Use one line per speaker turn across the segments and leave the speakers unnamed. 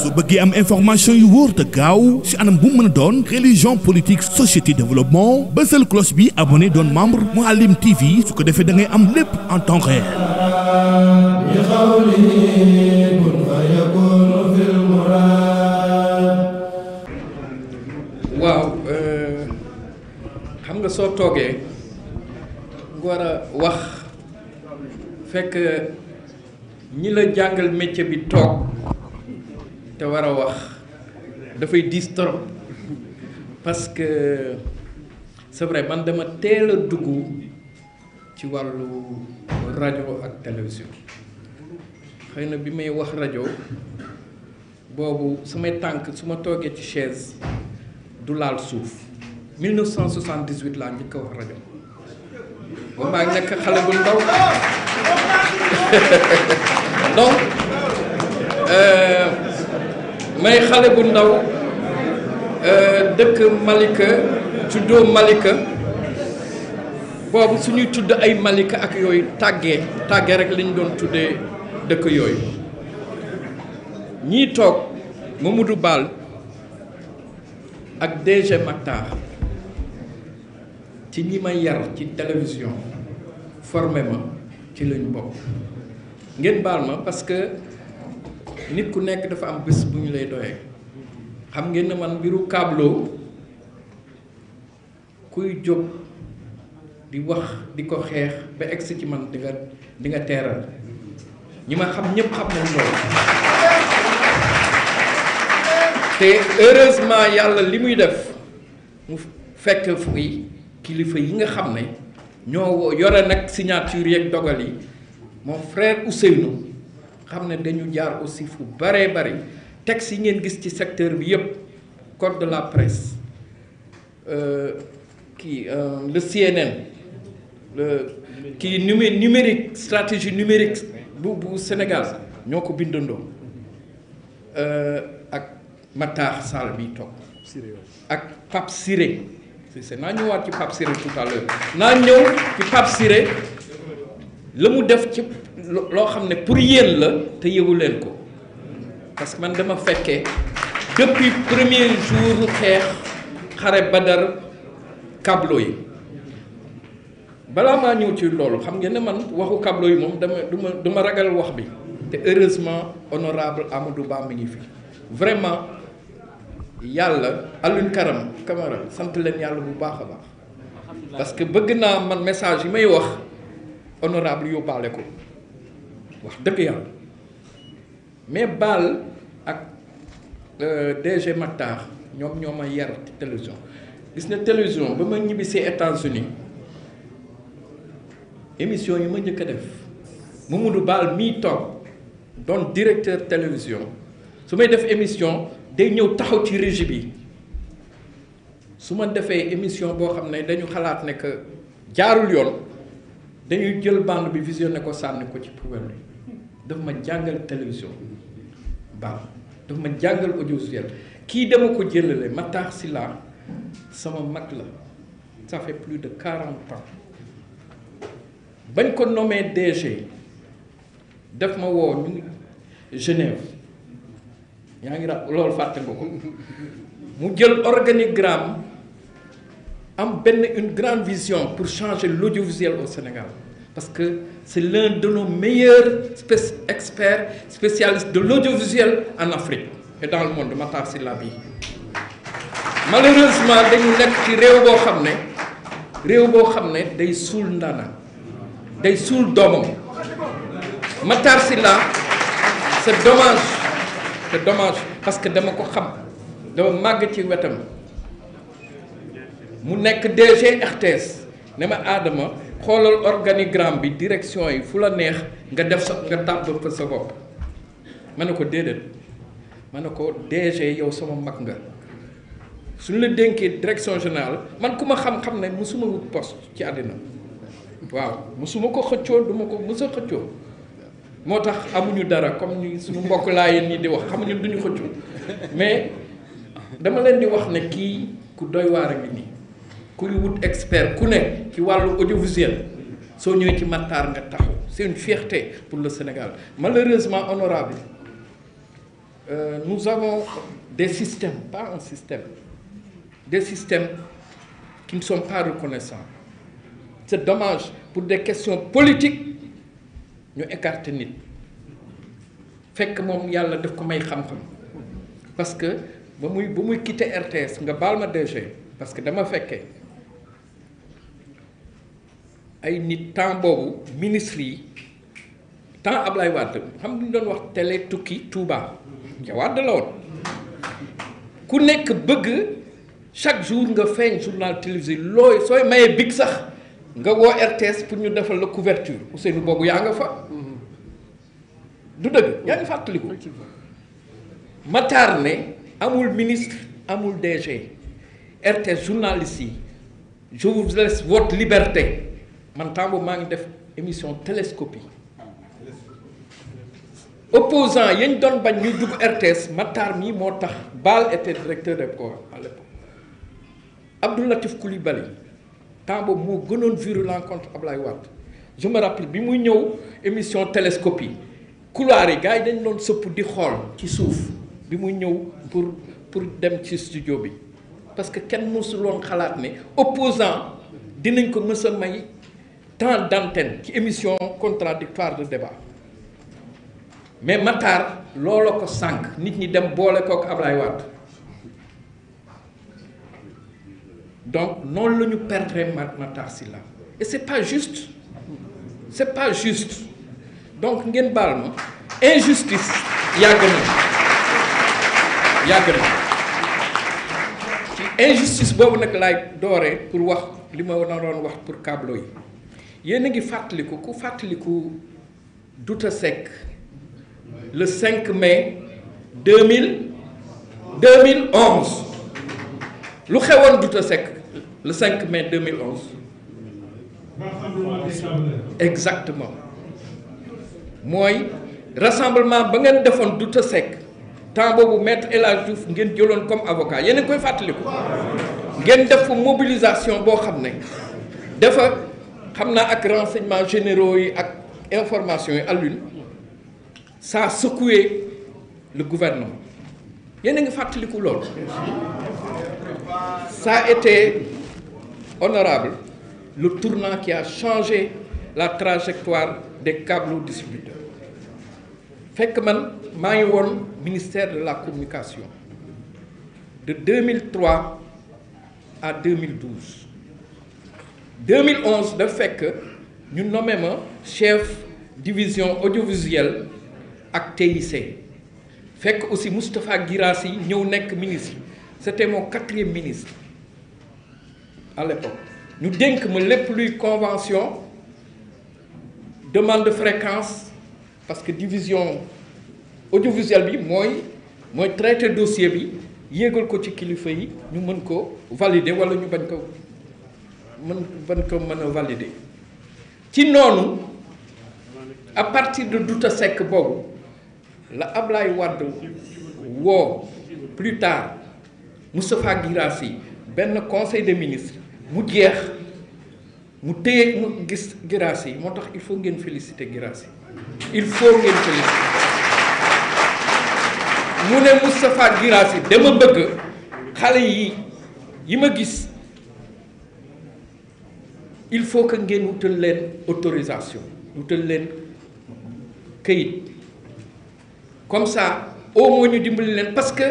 su bëggee am information yu wóor te gaaw si anam bu mën a doon religion politique société développement bësal cloche bi abonné doon membre Mouhalim TV su ko defee da ngay am lépp en temps réel. waaw euh, xam nga soo toogee nga war a wax. fekk ñi la jàngal métier bi toog te war a wax dafay diis trop parce que c'est man dama teel a dugg ci wàllu rajo ak télévision xëy na bi may wax rajo boobu samay tànk su ma toogee ci chaise du laal suuf 1978 laa njëkk a wax rajo. ba maa ngi nekk xale bu ndaw donc euh, may xale bu ndaw euh, dëkk Malika tuddoo Malika boobu suñuy tudd ay Malika ak yooyu tàggee tàggee rek lañ doon tuddee dëkk yooyu ñii toog Mamadou baal ak DG Mactar ci ñi ma yar ci télévision forme ma ci lañu bokk ngeen baal ma parce que nit ku nekk dafa am bés bu ñu lay doyee xam ngeen ne man mbiru kabloo kuy jóg di wax di ko xeex ba egsi ci man di nga di nga teeral ñi ma xam ñépp xam nañ loolu te heureusement yàlla li muy def mu fekk fii kilifa yi nga xam ne ñoo yore nag signature yeeg dogal yi mon frère Ousseynou xam ne dañu jaar aussi fu baree bari texte yi ngeen gis ci secteur bi yëpp code de la presse euh, kii euh, le CNN le kii numé numérique stratégie numérique bu bu Sénégal ñoo ko bindandoo euh, ak Matar Sall bi toog ak Pape Siré si c'est naa ñëwaat ci Pape Siré tout à l'heure naa ñëw ci Pape la mu def ci loo xam ne pour yéen la te yëgu leen ko parce que man dama fekkee depuis premier jour xeex xare Badar cablo yi balaa maa ñëw ci loolu xam ngeen ne man waxu cablo yi moom dama duma duma ragal wax bi te heureusement honorable Amadou baax mi ngi fi vraiment yàlla Alioune Karam Camara sant leen yàlla bu baax a baax parce que bëgg naa man message yi may wax honorable yóbbaale ko wax dëgg yàlla mais baal ak euh, DG Mactar ñoom ñoo ma yar ci télévision gis na télévision ba ma ñibbisee États-Unis émission yi ma njëkk a def Mamadou Baal mii toog doon directeur télévision su may def émission day ñëw taxaw ci régie bi su ma defee émission boo xam ne dañu xalaat ne que jaarul yoon dañuy jël bande bi ne ko sànni ko ci poubelle bi daf ma jàngal télévision baax daf ma jàngal audiovisuel kii dama ko jëlale tax silaa sama mag la ça plus de quarante ans bañ ko nommé DG daf ma woo ñu Genève yaa ngi rab loolu fàtte nga ko mu jël organigramme am benn une grande vision pour changer l'audiovisuel au Sénégal parce que c'est l'un de nos meilleurs experts spécialistes de l'audiovisuel en Afrique et dans le monde Matar Sylla bi malheureusement dañu nekk ci réew boo xam ne réew boo xam ne day suul ndaanaan day suul doomam Matar Sylla c'est dommage te dommage parce que dama ko xam dama màgg ci wetam mu nekk DG RTS ne ma aadama xoolal organigramme bi direction yi fu la neex nga def sa nga tàbb sa bopp ma ne ko déedéet ma ne ko DG yow sama mag nga suñu la dénkee direction générale man ku ma xam-xam ne musuma wut poste ci àddina waaw musuma ko xëccoo duma ko mësa xëccoo moo tax amuñu dara comme ni suñu mbokk laayeen ñi di wax xamuñu duñu xëccu mais dama leen di wax ne kii ku doy waar a ngi nii kuy wut expert ku ne ci wàllu audiovisuel soo ñëwee ci Matar nga taxaw seen une pour le Sénégal malheureusement honorable euh, nous avons des systèmes pas un système des systèmes qui ne sont pas reconnaissants c'est dommage pour des questions politiques ñu écarte nit fekk moom yàlla def ko may xam-xam parce que ba muy ba muy quitté RTS nga baal ma DG parce que dama fekkee ay nit temps boobu ministre yi temps Ablaye Wade xam nga ñu doon wax tele tukki Touba Wade la woon ku nekk bëgg chaque jour nga feeñ journal télévisé looy sooy mayee big sax nga woo RTS pour ñu defal la couverture Ousseynou boobu yaa nga fa. du dëgg yaa ngi fàttaliku Matar ne amul ministre amul DG RTS journaliste yi je vous laisse liberté man temps maa ngi def émission télescopie opposant yañ doon bañ ñu dugg RTS Matar mi moo tax Baal était directeur de programme à l'époque Abdou Latif Coulibaly temps boobu moo gënoon virulent contre Ablaye Wade je me rappelle bi muy ñëw émission yi couloir yi gars yi dañ doon sëpp di xool ci suuf bi mu ñëw pour pour dem ci studio bi parce que kenn mësuloon xalaat ni opposant dinañ ko mës a may temps d'antenne ci émission contradictoire de débat mais Matar loola ko sànq nit ñi dem boole kook Ablaye Wade donc noonu la ñu perdre Matar Sylla et c'est pas juste c'est pas juste donc ngeen baal ma injustice yàgg na yàgg na ci injustice boobu nag laay dooree pour wax li ma naroon wax pour câblo yi yéen a ngi fàttaliku ku fàttaliku Douta Seck le 5 mai 2000 2011 lu xewoon Douta Seck le 5 mai 2011 exactement mooy rassemblement ba ngeen defoon du ta sec temps boobu maître El Hadj Diouf ngeen jëloon comme avocat yéen a ngi koy fàttaliku ngeen def mobilisation boo xam ne dafa xam naa ak renseignements généraux yi ak information yi àllune sa a secoué le gouvernement yéen a ngi fàttaliku loolu ça a été honorable le tournant qui a changé la trajectoire des câbles distributeurs fekk man maa ngi woon ministère de la communication de 2003 à 2012 2011 da fekk ñu nommé ma chef division audiovisuelle ak TIC fekk aussi Moustapha Guirassy ñëw nekk ministre c'était mon quatrième ministre à l'époque ñu dénk ma lépp luy convention demande de fréquence parce que division audiovisuelle bi mooy mooy traité dossier bi yéegal ko ci kilifa yi ñu mën ko valider wala ñu bañ ko mën bañ ko mën a valider ci noonu à partir de Douta Seck boobu la Ablaye Wade woo plus tard Moustapha yi benn conseil de ministre mu jeex mu téye mu gis grâce yi moo tax il faut ngeen féliciter grâce il faut ngeen féliciter mu ne Moustapha grâce yi dama bëgg xale yi yi ma gis il faut que ngeen wutal leen autorisation wutal leen këyit comme ça au moins ñu dimbali leen parce que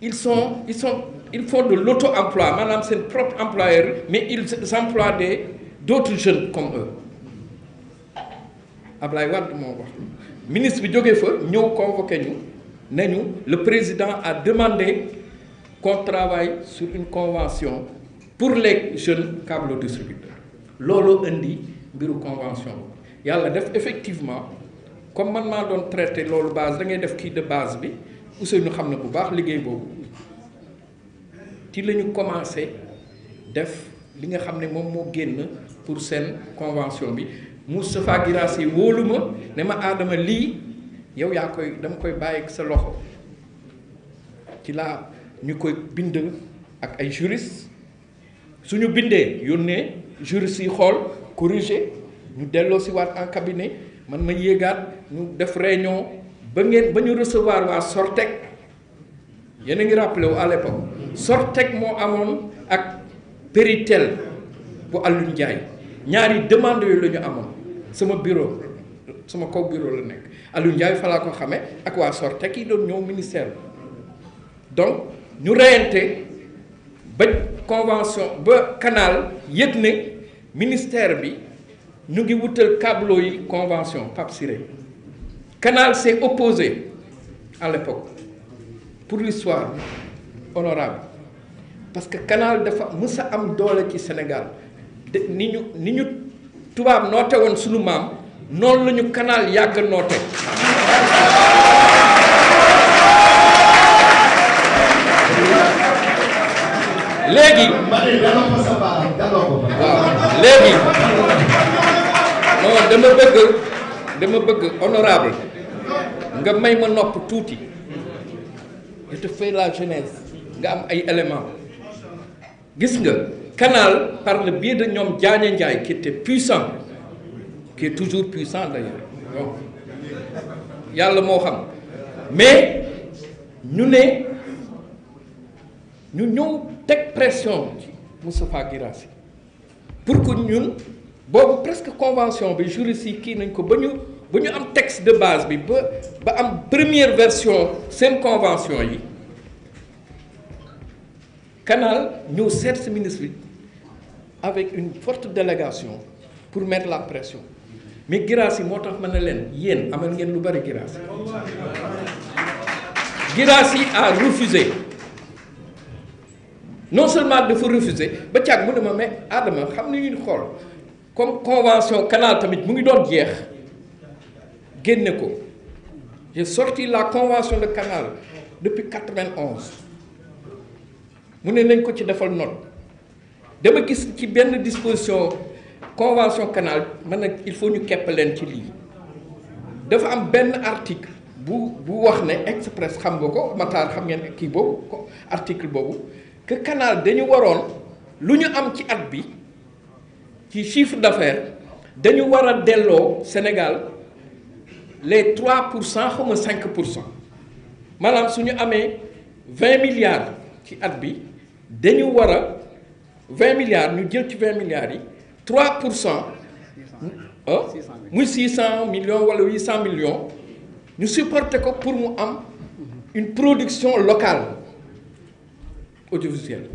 ils sont ils sont il faut de l'auto-emploi maanaam seen propre employeur mais ils emploient des d'autres jeunes comme eux Ablaye Wade moo wax ministre bi jógee fa ñëw convoqué ñu nañu le président a demande qu'on travaille sur une convention pour les jeunes câble distributeurs looloo indi mbiru convention bi yàlla def effectivement comme man maa doon traité loolu base da ngay def kii de base bi ñu xam ne bu baax liggéey boobu ci lañu ñu commencé def li nga xam ne moom moo génn pour seen convention bi Moustapha Guirassy wóolu ma ne ma aadama lii yow yaa koy dama koy bàyyi sa loxo ci laa ñu koy bind ak ay juriste suñu bindee yónnee juriste yi xool corrigé ñu delloo si waat en cabinet man ma yéegaat ñu def réunion ba ngeen ba ñu recevoir waa Sortec yéen a ngi rappelé wu à Sortec moo amoon ak Péritel bu Alioune Ndiaye ñaari demande yooyu lañu amoon sama bureau sama kaw bureau la nekk Alioune Ndiaye fa laa ko xamee ak waa Sortec yi doon ñëw ministère donc ñu reyante ba convention ba canal yëg ne ministère bi ñu ngi wutal câbleau yi convention Pape Siré canal s'est opposé à pour l'histoire honorable parce que canal dafa mës a am doole ci senegal de ni ñu ni ñu tubaab noote woon sunu maam noonu lañu kanaal canal yàgg noote léegi waaw léegi non dama bëgg dama bëgg honorable nga may ma nopp tuuti je te fais la jeunesse nga am ay éléments gis nga canal parle bi biais de ñoom Diagne Ndiaye qui était puissant qui est toujours puissant d'ailleurs yàlla moo xam mais ñu ne ñu ñëw teg pression ci Moustapha Guirassy pour que ñun boobu presque convention bi juriste yi kii nañ ko ba ñu ba ñu am texte de base bi ba ba am première version seen convention yi canal ñëw seet si ministre bi avec une forte délégation pour mettre la pression mais Guirassy moo tax man na leen yéen amal ngeen lu bari Guirassy Guirassy a refusé non seulement dafa refusé ba caag mu ne ma mais Adama xam nañu xool comme convention canal tamit mu ngi doon jeex génne ko j'ai sorti la convention de canal depuis 91 mu ne nañ ko ci defal note dama gis ci benn disposition convention canal man nag il faut ñu kepp leen ci lii dafa am benn article bu bu wax ne express xam nga ko Matar xam ngeen kii boobu ko article boobu que canal dañu waroon lu ñu am ci at bi ci chiffre d'affaires dañu war a delloo Sénégal les 3 pour cent xaw ma pour cent maanaam su ñu amee 20 milliards ci at bi. dañu war a vingt milliards ñu jël ci vingt milliards yi trois pour cent ah, muy six cent millions wala huit cent millions ñu supporter ko pour mu am une production locale audiovisuelle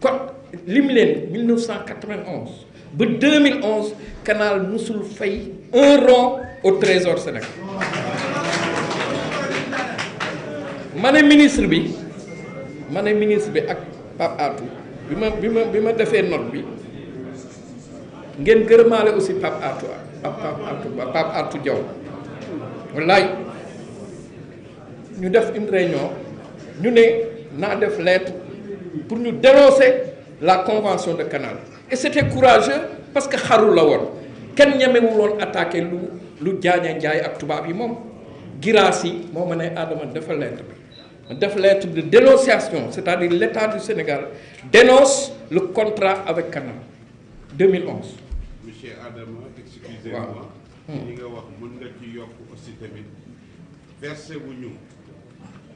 kon lim leen 1991 ba 2011 canal musul fay un rond au trésor Sénégal ma ne ministre bi ma ne ministre bi ak. Pape Atou bi ma bi ma bi ma defee note bi ngeen gërëmaale aussi Pape Atou Pape Atou Pape wallaay ñu def une réunion ñu ne naa def lettre pour ñu dénoncer la convention de Canal et c'était courageux parce que xaru la woon kenn ñemewul woon attaqué lu lu jaaña jaay ak tubaab yi moom giraas yi moo ma ne Adama dafa lettre bi def lettre de dénonciation c'est-à-dire l'État du Sénégal dénonce le contrat avec Canal 2011. monsieur li nga wax mën nga ci yokk aussi tamit versé wu ñu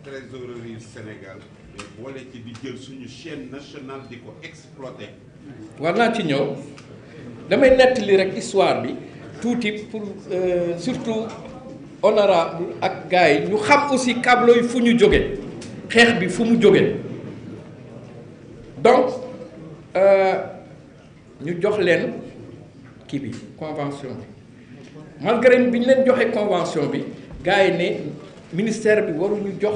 trésorerie Sénégal mais di jël suñu chaine nationale di ko exploité. war naa ci ñëw damay nettali rek histoire bi tuuti pour euh, surtout. honorable ak gars yi ñu xam aussi câble yi fu ñu jóge xeex bi fu mu jóge donc euh, ñu jox leen kii bi convention bi malgré bi ñu leen joxe convention bi gars yi ne ministère bi waruñu jox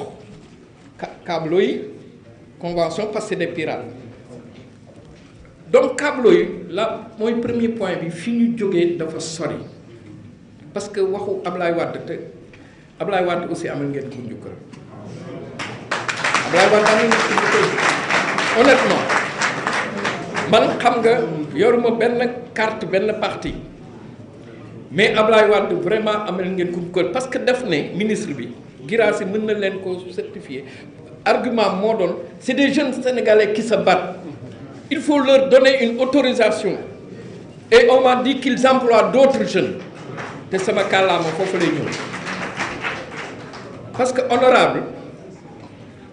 câble yi convention parce que des pirates donc câble yi la mooy premier point bi fi ñu jógee dafa sori. parce que waxu Ablaye Wade te Ablaye Wade aussi amal ngeen ko njukkal Ablaye Wade amal ngeen ko njukkal honnêtement man xam nga yoruma benn carte benn parti mais Ablaye Wade vraiment am amal ngeen ko njukkal parce que def ne ministre bi Guirassy mën na leen ko certifier argument moo doon c'est des jeunes sénégalais ki sa battent il faut leur donner une autorisation et on m'a dit qu'ils emploient d'autres jeunes te sama kàllaama foofu lay ñëw parce que honorable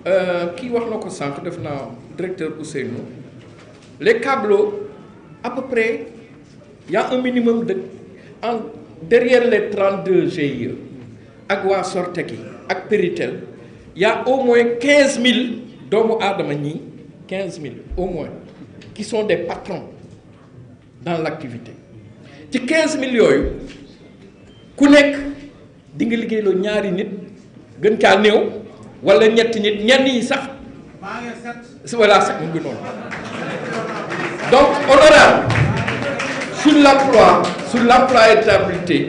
euh, kii wax na ko sànq def naa directeur Ousseynou les câbleaux à peu près y a un minimum de en derrière les 32 GIE ak waa sorte ki ak Péritel y au moins mille doomu aadama ñi 15000 au moins qui sont des patrons dans l'activité ci 15000 yooyu. ku nekk di nga liggéeyloo ñaari nit gën caa néew wala ñetti nit ñenn yi sax voilà sax mu ngi noonu donc honorable sur l'emploi sur l'employabilité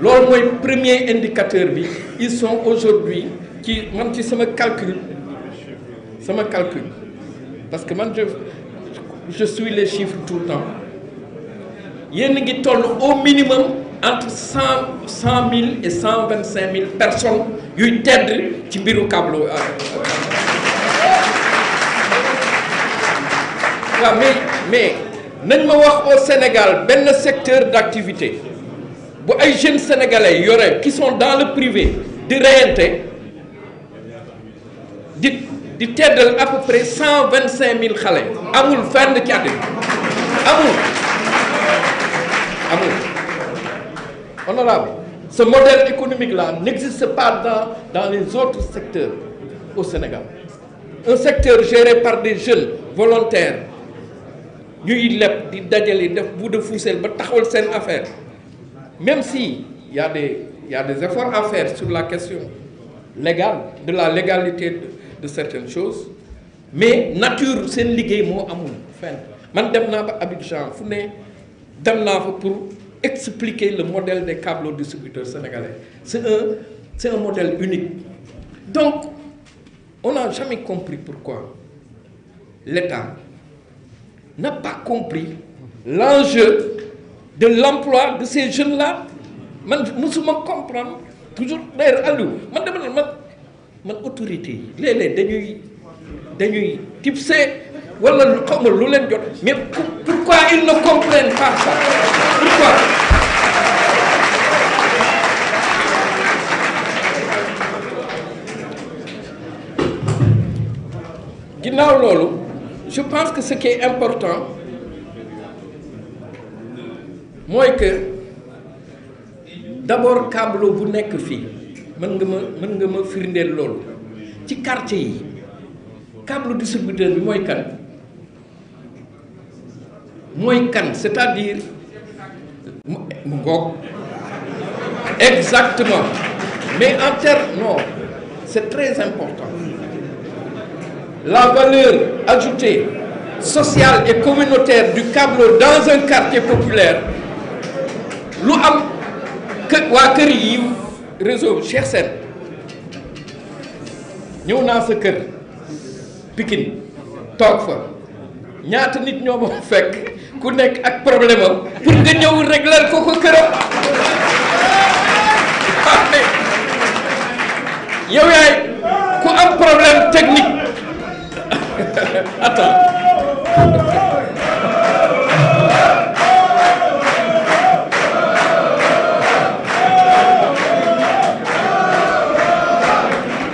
loolu mooy premier indicateur bi ils sont aujourd'hui ci man ci sama calcul sama calcul parce que man je je suis les chiffres tout le temps yéen ngi toll au minimum entre cent cent mille et cent vingt cinq mille personnes yuy tedd ci mbiru câble euh, euh, waaw mais mais nañ ma wax au Sénégal benn secteur d'activité bu ay jeunes sénégalais yore qui sont dans le privé di reyante di di teddal à près cent vingt cinq mille xale amul fenn ci àddina amul amul honorable ce modèle économique-là n'existe pas dans, dans les autres secteurs au Sénégal un secteur géré par des jeunes volontaires ñuy leb di dajale def bout de ficelle ba taxawal seen affaire même si y des y des efforts à faire sur la question légale de la légalité de, de certaines choses mais nature seen liggéey moo amul fen man dem naa ba Abidjan fu ne dem naa fa pour expliquer le modèle des câbles distributeurs sénégalais. C'est un, un modèle unique. Donc, on n'a jamais compris pourquoi l'État n'a pas compris l'enjeu de l'emploi de ces jeunes-là. Je ma comprendre. Toujours d'ailleurs, à nous. Je autorité. Les dañuy tipsé wala lu leen jot mais pourquoi ils ne comprennent pas ça akbar ginnaaw loolu je pense que ce qui important mooy que d'abord Kablo bu nekk fii mën nga ma mën nga ma firndeel loolu ci quartier yi Kablo distributeur bi mooy kan mooy kan cest à mu mu ngoog exactement mais en termes non c'est très important la valeur ajouté sociale et communautaire du câble dans un quartier populaire lu am kë waa kër yi réseau Cheikh Sène ñëw naa sa kër Pikine toog fa ñaata nit ñoo ma fekk. ku nekk ak problème am pour nga ñëw régler ko ko këram yow yaay ku am problème technique attends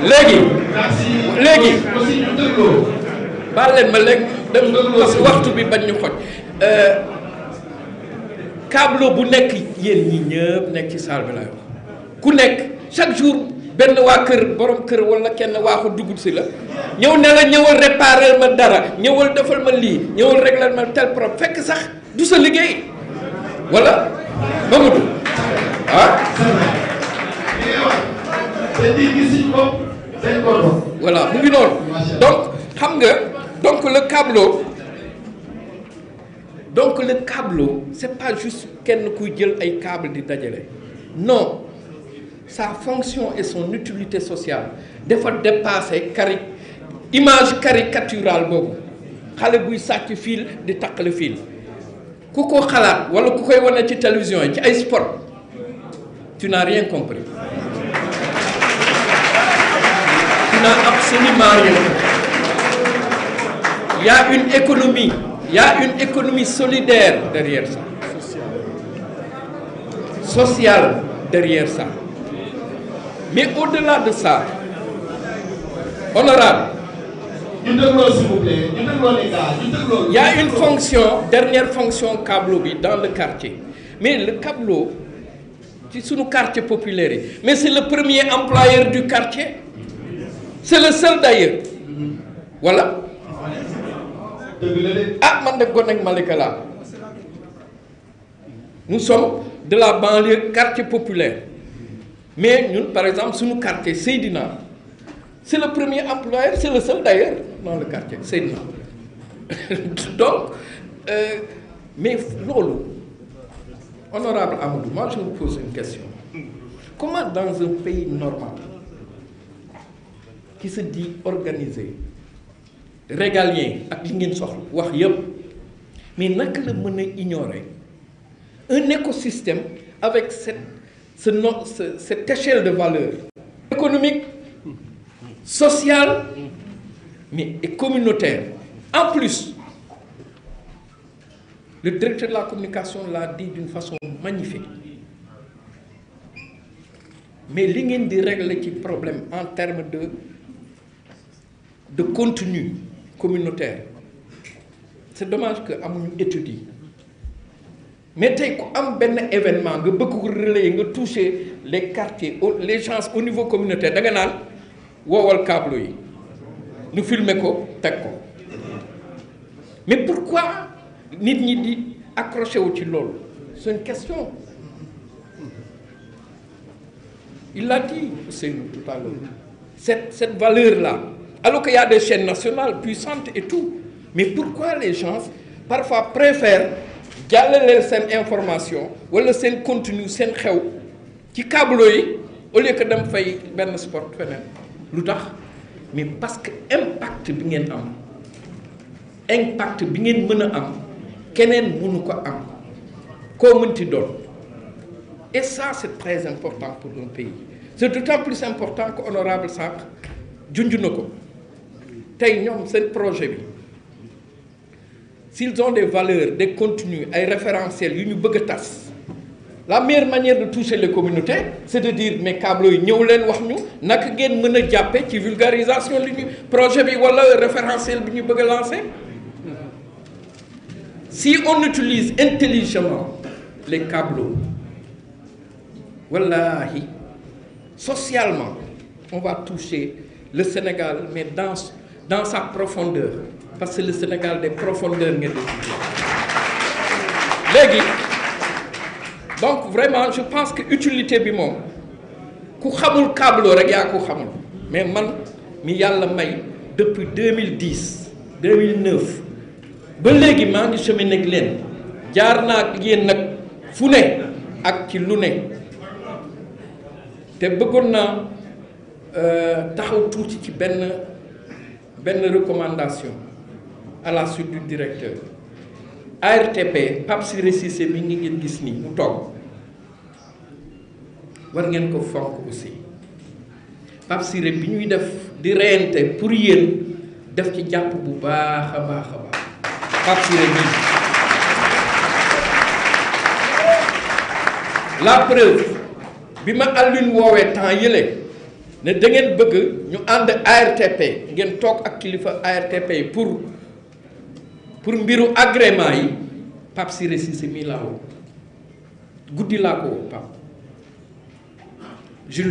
léegi. léegi. baal leen ma léegi dem parce waxtu bi bañ ñu xoj. kaablo euh, bu nekk yéen ñi ñëpp nekk ci salle bi laay wax ku nekk chaque jour benn waa kër borom kër wala kenn waaxu dugub si la ñëw ne la ñëwal réparer ma dara ñëwal defal ma lii ñëwal régler ma tel problème fekk sax du sa liggéey wala Mamadou ah. voilà mu ngi noonu donc xam nga donc le câble. donc le câble c'est pas juste kenn kuy jël ay câble di dajale non sa fonction et son utilité sociale dafa dépasser cari image caricaturale boobu xale buy sàcc fil di takkale fil ku ko xalaat wala ku koy wane ci télévision yi ci ay sport tu n'as rien compris tu n'as absolument rien compris une économie Il y une économie solidaire derrière ça. Sociale derrière ça. Mais au-delà de ça, honorable, il y une fonction, dernière fonction câbleau dans le quartier. Mais le câbleau, c'est sous nos quartiers Mais c'est le premier employeur du quartier. C'est le seul d'ailleurs. Voilà. ah man de Goneg Malika laa nous sommes de la banlieue quartier populaire mais ñun par exemple suñu quartier Seydina c'est le premier employeur c'est le seul d'ailleurs dans le quartier Seydina donc euh, mais loolu honorable Amadou moi je vous pose une question comment dans un pays normal qui se dit organisé régalien ak li ngeen soxla wax yépp mais naka la mën a ignorer un écosystème avec cette ce no de valeur économique sociale mais et communautaire en plus le directeur de la communication l'a di d'une façon magnifique mais li ngeen di régler ci problème en termes de de contenu communautaire c'est dommage que amuñu études yi mais tey ku am benn événement nga bëgg ko relayer nga toucher les quartiers les gens au niveau communautaire da nga naan woowal câble yi ñu filmer ko teg ko mais pourquoi nit ñi di accroché wu ci loolu seen question il l'a dit Ousseynou tout à l'heure cette valeur là Alors qu'il y a des chaînes nationales puissantes et tout. Mais pourquoi les gens parfois préfèrent jàllale seen information wala seen contenu seen xew ci câble yi au lieu que dem fay benn sport feneen lu tax mais parce que impact bi ngeen am impact bi ngeen mën a am keneen mënu ko am koo mënti doon et ça c'est très important pour un pays c'est d'autant plus important que honorable Sarr junj na ko tey ñoom seen projet bi s'ils ont des valeurs des contenus ay référentiels yu ñu bëgg a tas la meilleure manière de toucher les communautés c'est de dire mais câble yi ñëw leen wax ñu naka ngeen mën a jàppee ci vulgarisation li ñu projet bi wala référentiel bu ñu bëgg a si on utilise intelligemment les câbleaux wallahi socialement on va toucher le Sénégal mais dans dans sa profondeur parce que le Sénégal des profondeurs ngeen di léegi donc vraiment je pense que utilité bi moom ku xamul câble rek yaa ko xamul mais man mi yàlla may depuis 2010 2009 ba léegi maa ngi cheminer ak leen jaar naa ak yéen nag fu ne ak ci lu ne te bëggoon naa euh, taxaw tuuti ci benn. benn recommandation à du directeur ARTP Pape Siré mi ngi ngeen gis ni mu toog war ngeen ko fonk aussi Pape bi ñuy def di reyante pour yéen def ci jàpp bu baax a baax a baax Pape Siré bi la preuve bi ma àllin woowee temps yële ne dangeen bëgg ñu ànd ARTP ngeen toog ak kilifa ARTP yi pour pour mbiru agrément yi Pape Siré Cissé mii laa woo guddi laa ko woo Pape je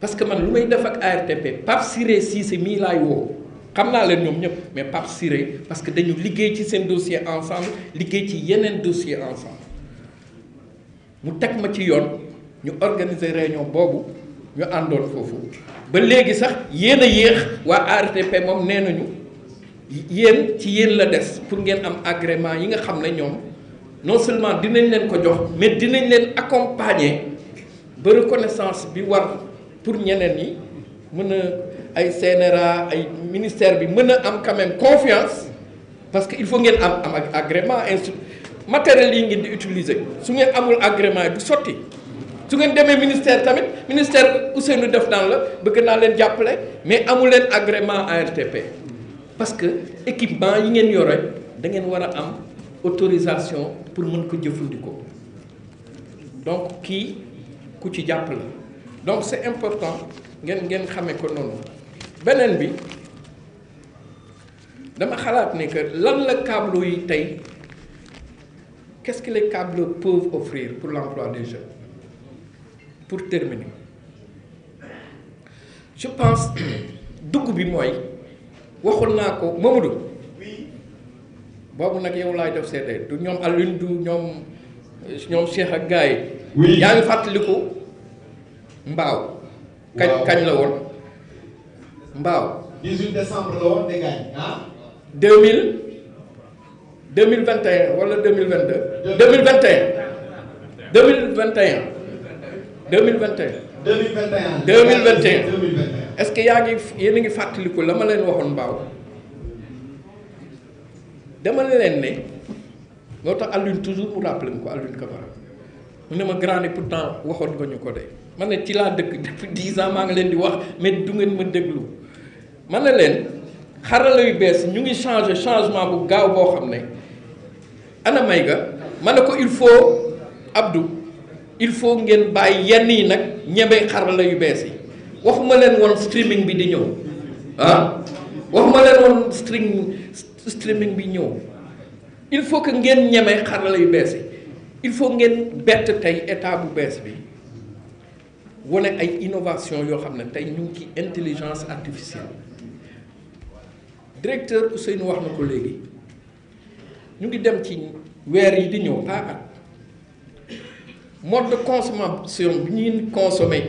parce que man lu may def ak ARTP Pape Siré Cissé mii laay woo xam naa leen ñoom ñëpp mais Pape Siré parce que dañu liggéey ci seen dossier ensemble liggéey ci yeneen dossier ensemble mu teg ma ci yoon ñu organiser réunion boobu ñu àndoon foofu ba léegi sax yéen a yéex waa ARTP moom nee nañu yéen ci yéen la des pour ngeen am agrément yi nga xam ne ñoom non seulement dinañ leen ko jox mais dinañ leen accompagner ba reconnaissance bi war pour ñeneen yi mën a ay CNRA ay ministère bi mën a am quand même confiance parce que il faut ngeen am am agrément instru matériel yi ngeen di utiliser su ngeen amul agrément du sotti. su ngeen demee ministère tamit ministère Ousseynou def naan la bëgg naa leen jàppale mais amu leen agrément ARTP parce que équipement yi ngeen yore da ngeen war a am autorisation pour mën ko jëfandikoo donc kii ku ci jàpp la donc c'est important ngeen ngeen xame ko noonu beneen bi dama xalaat ne que lan la câble yi tey qu'est-ce que les câbles peuvent offrir pour l'emploi des jeunes pour terminer je pense dugg bi mooy waxul naa ko Mamadou boobu nag yow laay def seede du ñoom Alioune du ñoom ñoom Cheikh ak gars yi. yaa ngi fàttaliku Mbaaw. kañ kañ la woon Mbaaw. 18 décembre la woon dégg ah. 2000 2021 wala 2022. 2021 2021. 2021. 2021 2021 est-ce que yaa ngi yéen a ngi fàttaliku la ma leen waxoon mbaaw dama leen ne moo tax Alioune toujours mu rappelé ko Alioune Camara mu ne ma grand pour temps waxoon nga ñu ko de ma ne ci laa dëkk depuis diis ans maa nga leen di wax mais du ngeen ma déglu man ne leen xarala yu bees ñu ngi changé changement bu gaaw boo xam ne ana may ga ma ne ko il faut Abdou. il faut ngeen bàyyi yenn yi nag ñebe xarala yu bees yi waxuma leen woon streaming bi di ñëw ah waxuma leen woon streaming bi ñëw il faut que ngeen ñeme xarala yu bees yi il faut ngeen bett tey état bu bees bi wane ay innovation yoo xam ne tey ñu ngi ci intelligence artificielle directeur Ousseynou wax na ko léegi ñu ngi dem ci weer yi di ñëw pas at mode de consommation bi ñuy consommer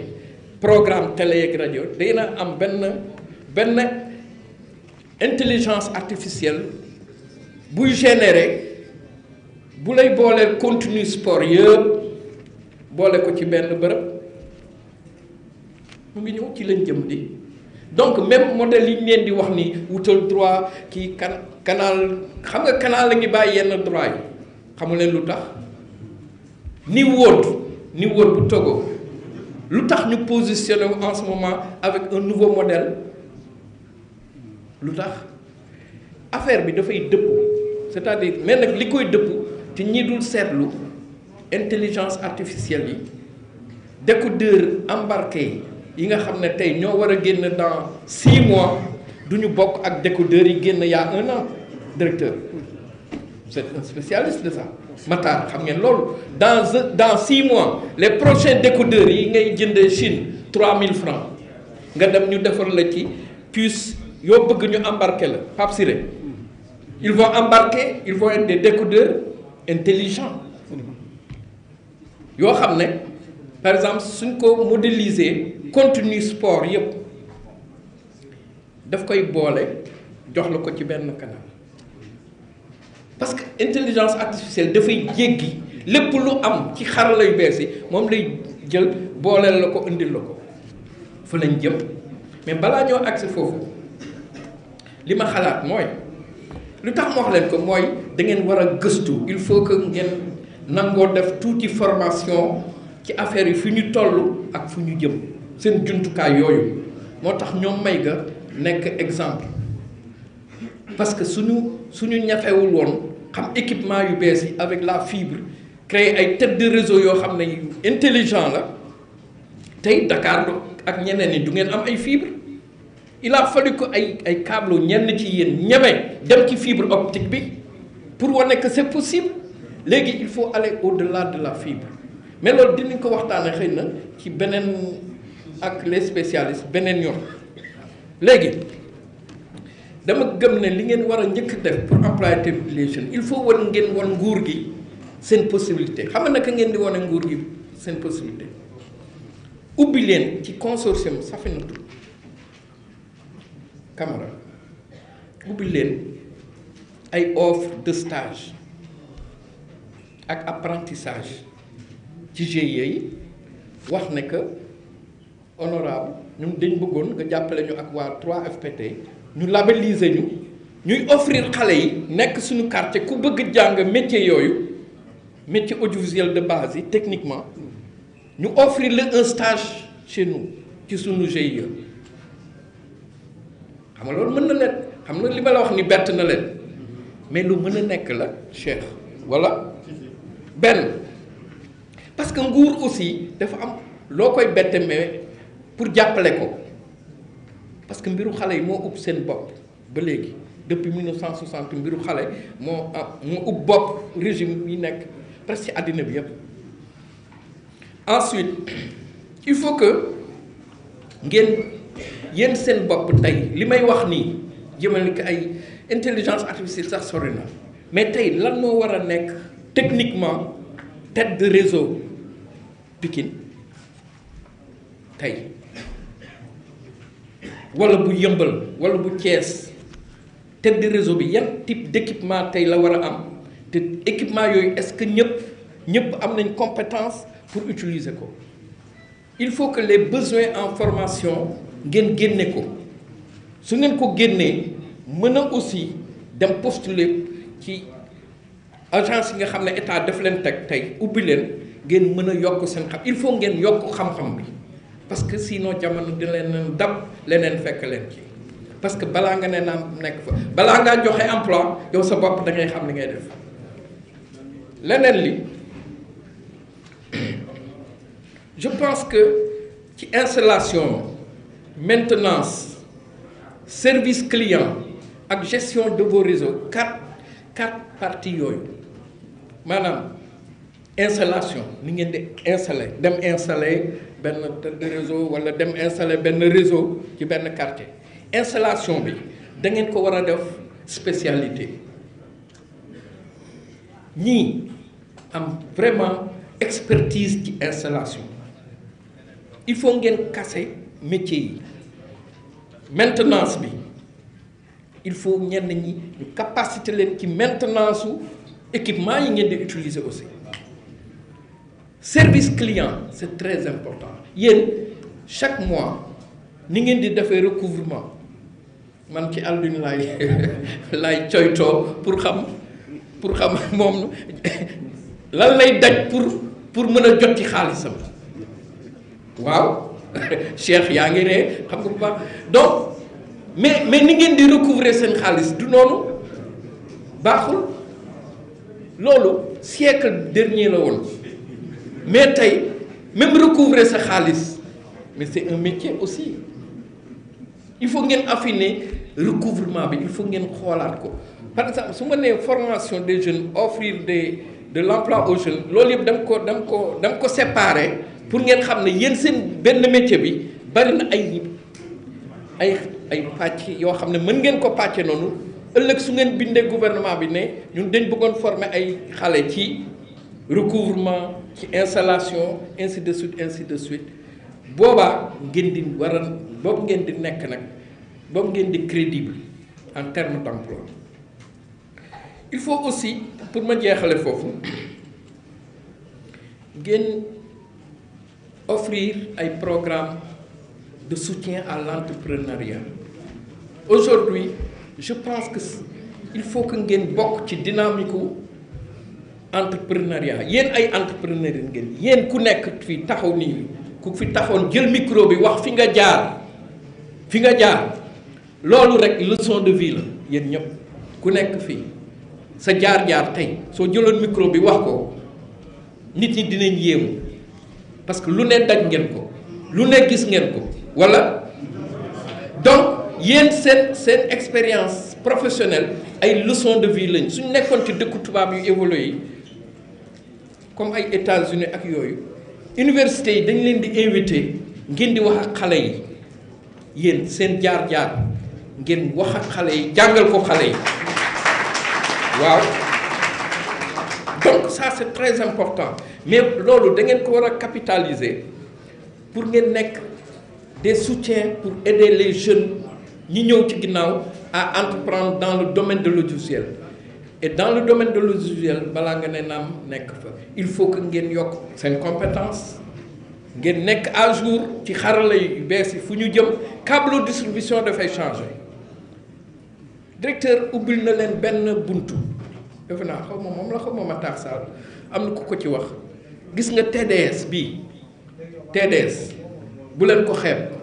programme télé ak rajo dina am benn benn intelligence artificielle buy générer bu lay booleel contenu sport yëpp boole ko ci benn bërëb mu ngi ñëw ci lañ jëm di donc même modèle yi ñu leen di wax ni wutal droit kii canal xam nga kanaal la ngi bàyyi yenn droit yi xamu leen lu tax. ni wóotu ni wóot bu Togo lu tax ñu positionné en ce moment avec un nouveau modèle lu tax affaire bi dafay dëpp c'est-à-dire mais nag li koy dëpp te ñii dul seetlu intelligence artificielle yi décodeur embarqué yi nga xam ne tey ñoo war a génn dans six mois duñu bokk ak décodeur yi génn y un an directeur vous êtes un spécialiste de ça Matar xam ngeen loolu dans dans six mois les prochains décodeurs yi ngay jëndee Chine mille francs nga dem ñu defar la ci puce yoo bëgg ñu embarquer la Pape il ils vont il ils vont être des yoo xam ne par exemple suñ ko modéliser contenu sport yëpp daf koy boole jox la ko ci benn canal parce que intelligence artificielle dafay jéggi lépp lu am ci xarala yu bees yi moom lay jël booleel la ko indil la ko fa lañ jëm mais balaa ñoo agsi foofu li ma xalaat mooy lu tax ma wax leen ko mooy da ngeen war a gëstu il faut que ngeen nangoo def tuuti formation ci affaire yi fu ñu toll ak fu ñu jëm seen jumtukaay yooyu moo tax ñoom may ga nekk exemple parce que suñu suñu ñaxewul woon am équipement yu bees yi avec la fibre créer ay tête de réseau yoo xam ne yu intelligent la tey Dakar do ak ñeneen yi du ngeen am ay fibre il a fallu que ay ay câble ñenn ci yéen ñeme dem ci fibre optique bi pour wane que c'est possible léegi il faut aller au-delà de la fibre mais loolu dinañ ko waxtaanee xëy na ci beneen ak les spécialistes beneen yoon léegi. dama gëm ne li ngeen war a njëkk def pour employabilité des jeunes il faut wan ngeen wan nguur gi seen possibilité xam na naka ngeen di wane nguur gi seen possibilité ubbi leen ci consortium Safinatou Camara ubbi leen ay offre de stage ak apprentissage ci GIE yi wax ne que honorable ñun dañ bëggoon nga jàppale ñu ak waa 3FPT ñu labelliser ñu ñuy offrir xale yi nekk suñu quartier ku bëgg jàng métier yooyu métier audiovisuel de base yi techniquement ñu offrir la un stage ci suñu GIE xam nga loolu mën na leen xam na li ma la wax ni bett na leen mais lu mën a nekk la Cheikh walla benn parce que nguur aussi dafa am loo koy bette mais pour jàppale ko parce que mbiru xale yi moo ub seen bopp ba léegi depuis 1960 mbiru xale moo moo ub bopp régime yi nekk presque àddina bi yëpp ensuite il faut que ngeen yéen seen bopp tey li may wax nii jëmale ko ay intelligence artificielle sax sori na mais tey lan moo war a nekk techniquement tête de réseau Pikine tey wala bu yëmbal wala bu Thiès tête de réseau bi yan type d' équipement tey la war a am te équipement yooyu est ce que ñëpp ñëpp am nañ compétence pour utiliser ko il faut que les besoins en formation ngeen génne ko su ngeen ko génnee mën a aussi dem postuler ci agence yi nga xam ne état daf leen teg tey ubbi leen ngeen mën a yokk seen xam il faut ngeen yokk xam-xam bi parce que sinon jamono di leen dab leneen fekk leen ci parce que balaa nga ne naam nekk fa balaa ngaa joxe emploi yow sa bopp dangay xam li ngay def leneen li je pense que ci installation maintenance service client ak gestion de vos réseau quatre quatre parties yooyu maanaam installation ni ngeen de installer dem installer benn tête réseau wala dem installer benn réseau ci benn quartier installation bi da ngeen ko war a def spécialité ñi am vraiment expertise ci installation il faut ngeen casser métier yi maintenance bi il faut ñenn ñi ñu capacité leen ci maintenance su équipement yi ngeen di utiliser aussi service client c'est très important yéen chaque mois ni ngeen di defee recouvrement man ci àlluñ laay laay coytoo pour xam pour xam moom lan lay daj pour pour mën a jot ci xaalisam waaw Cheikh yaa ngi ree xam nga bu baax donc mais mais ni ngeen di recouvrer seen xaalis du noonu baaxul loolu siècle dernier la woon mais tey même recouvrer sa xaalis mais c'est un métier aussi il faut ngeen affiner recouvrement bi il faut ngeen xoolaat ko par exemple su ma nee formation des jeunes offrir des de l'emploi au jeunes loolu yëpp dama ko dama ko dama ko séparer pour ngeen xam ne yéen seen benn métier bi bari na ay ay ay pàcc yoo xam ne mën ngeen ko pàcce noonu ëllëg su ngeen bindee gouvernement bi ne ñun dañ bëggoon former ay xale ci recouvrement ci installation ainsi de suite insi de suite boobaa ngeen di war a ngeen di nekk nag boob ngeen di crédible en terme d'emploi il faut aussi pour ma jeexale foofu ngeen offrir ay programme de soutien à l'entrepreneuriat aujourd'hui je pense que il faut que ngeen bokk ci dynamique entrepreneuriat yéen ay entrepreneur ngeen yéen ku nekk fi taxaw nii ku fi taxawoon jël micro bi wax fi nga jaar fi nga jaar loolu rek leçon de vie la yéen ñëpp ku nekk fii sa jaar-jaar tey soo jëloon micro bi wax ko nit ñi dinañ yéemu parce que lu ne daj ngeen ko lu ne gis ngeen ko walla donc yéen seen seen expérience professionnel ay leçon de vie lañ suñ nekkoon ci dëkku tubaab yu évolué comme ay États-Unis ak yooyu université yi dañ leen di invité ngeen di wax ak xale yi yéen seen jaar-jaar ngeen wax ak xale yi jàngal ko xale yi waaw donc ça c'est très important mais loolu da ngeen ko war a capitalisé pour ngeen nekk des soutiens pour aider les jeunes ñi ñëw ci ginnaaw à entreprendre dans le domaine de l'audiovisuel et dans le domaine de l'audiovisuel balaa nga ne naam nekk fa il faut que ngeen yokk seen compétence ngeen nekk à jour ci xarala yu bees yi fu ñu jëm câble distribution dafay changer directeur ubbil na leen benn buntu defe naa xaw ma moom la xaw ma ma taax saal am na ku ko ci wax gis nga TDS bi TDS bu leen ko xeeb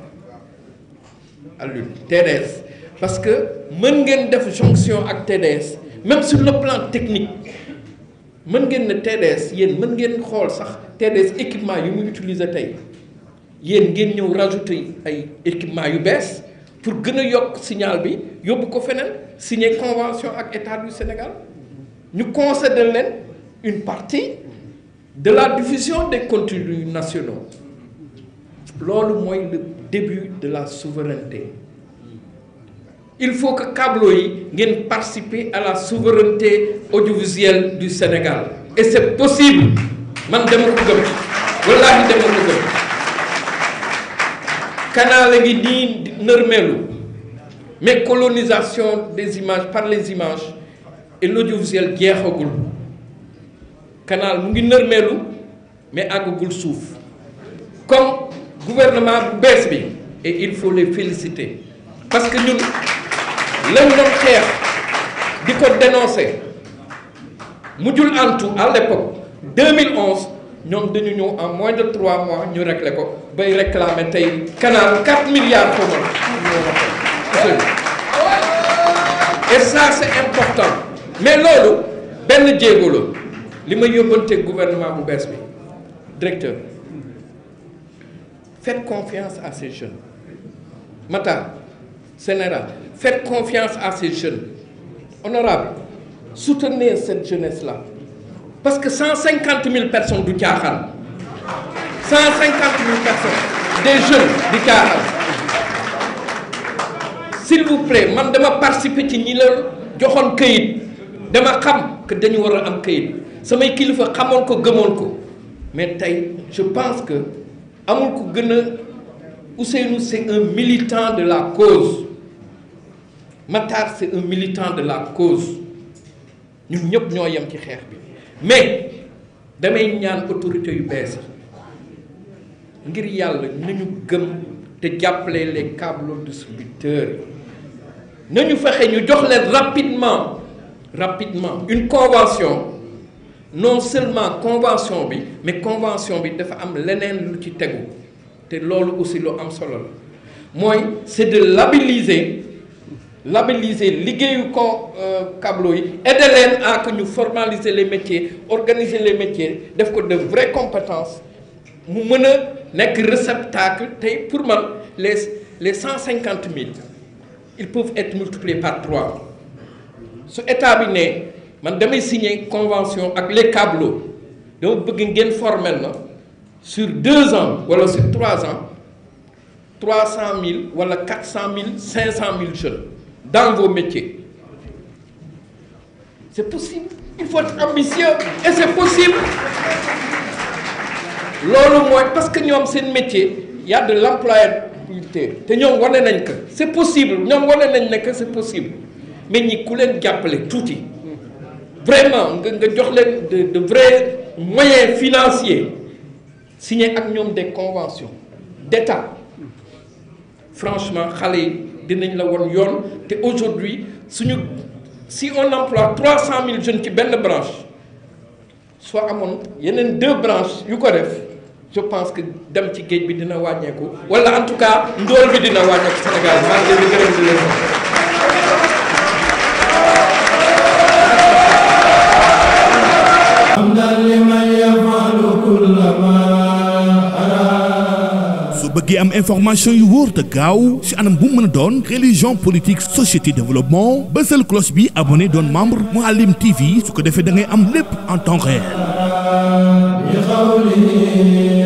allune TDS parce que mën ngeen def jonction ak TDS même sur le plan technique mën ngeen ne TDS mën ngeen xool sax TDS équipement yu muy utiliser tey yéen ngeen ñëw rajouter ay équipement yu bees pour gën a yokk signal bi yóbbu ko feneen signe convention ak état du Sénégal ñu concéder leen une partie de la diffusion des contenus nationaux loolu mooy le début de la souveraineté il faut que câble yi ngeen participer à la souveraineté audiovisuelle du Sénégal et c'est possible man dama gëm wallaahi dama ko gëm canal a ngi nii nërmeelu mais colonisation des images par les images et l'audiovisuel jeexagul canal mu ngi nërmeelu mais àggagul suuf comme gouvernement bu bees bi et il faut les féliciter parce que ñun. lañ doon xeex di ko dénoncer mujjul antu à ñoom dañu ñëw en moins de trois mois ñu réglé ko bay réclamer tey canal 4 milliards pour moom. et ça c'est important mais loolu benn jéego la li may yóbbante gouvernement bu bees bi directeur faites confiance à ces jeunes Matar Sénéral. Faites confiance à ces jeunes. Honorable, soutenez cette jeunesse-là. Parce que 150 000 personnes du Tchahal, 150 000 personnes, des jeunes du vous plaît, man dama participer ci ñi la joxoon kayit dama xam que dañu war am kayit samay kilifa xamoon ko gëmoon ko mais tey je pense que amul ko gën a Ousseynou c'est un militant de la cause Matar c'est un militant de la cause ñun ñëpp ñoo yem ci xeex bi mais damay ñaan autorité yu bees ngir yàlla nañu gëm te jàppale le câbles distributeurs yi nañu fexe ñu jox leen rapidement rapidement une convention non seulement convention bi mais convention bi dafa am leneen lu ci tegu te loolu aussi lu am solo la mooy c'est de labelliser labelliser liggéeyu ko cablo euh, yi aider leen à que ñu formaliser les métier organiser les métiers def ko de vraies compétences mu mën a nekk réceptacle tey pour man les les cent cinquante mille ils peuvent être multipliés par trois su état bi ne man damay signer convention ak les cablo dama bëgg ngeen formel na sur deux ans wala sur trois ans trois cent mille wala quatre cent mille cinq cent mille jeunes dans vos métiers. C'est possible. Il faut être ambitieux et c'est possible. loolu mooy parce que ñoom seen métier y a de l'employabilité te ñoom wane nañ que c'est possible ñoom wane nañ ne que c'est possible mais ñi ku leen jàppale tuuti vraiment nga nga jox leen de de vrais moyens financiers signer ak ñoom de conventions d'État franchement xale yi. dinañ la won yoon te aujourd'hui suñu si on emploie trois cent mille jeunes ci benn branche soo amoon yeneen deux branches yu ko def je pense que dem ci géej bi dina wàññeeku walla en tout cas ndóol dina wàññeeku Sénégal maa ngi leen bëggee am information yu wóor te gaaw si anam bu mën a doon religion politique société développement bësal cloche bi abonné doon membre Mouhalim TV su ko defee dangay am lépp en temps réel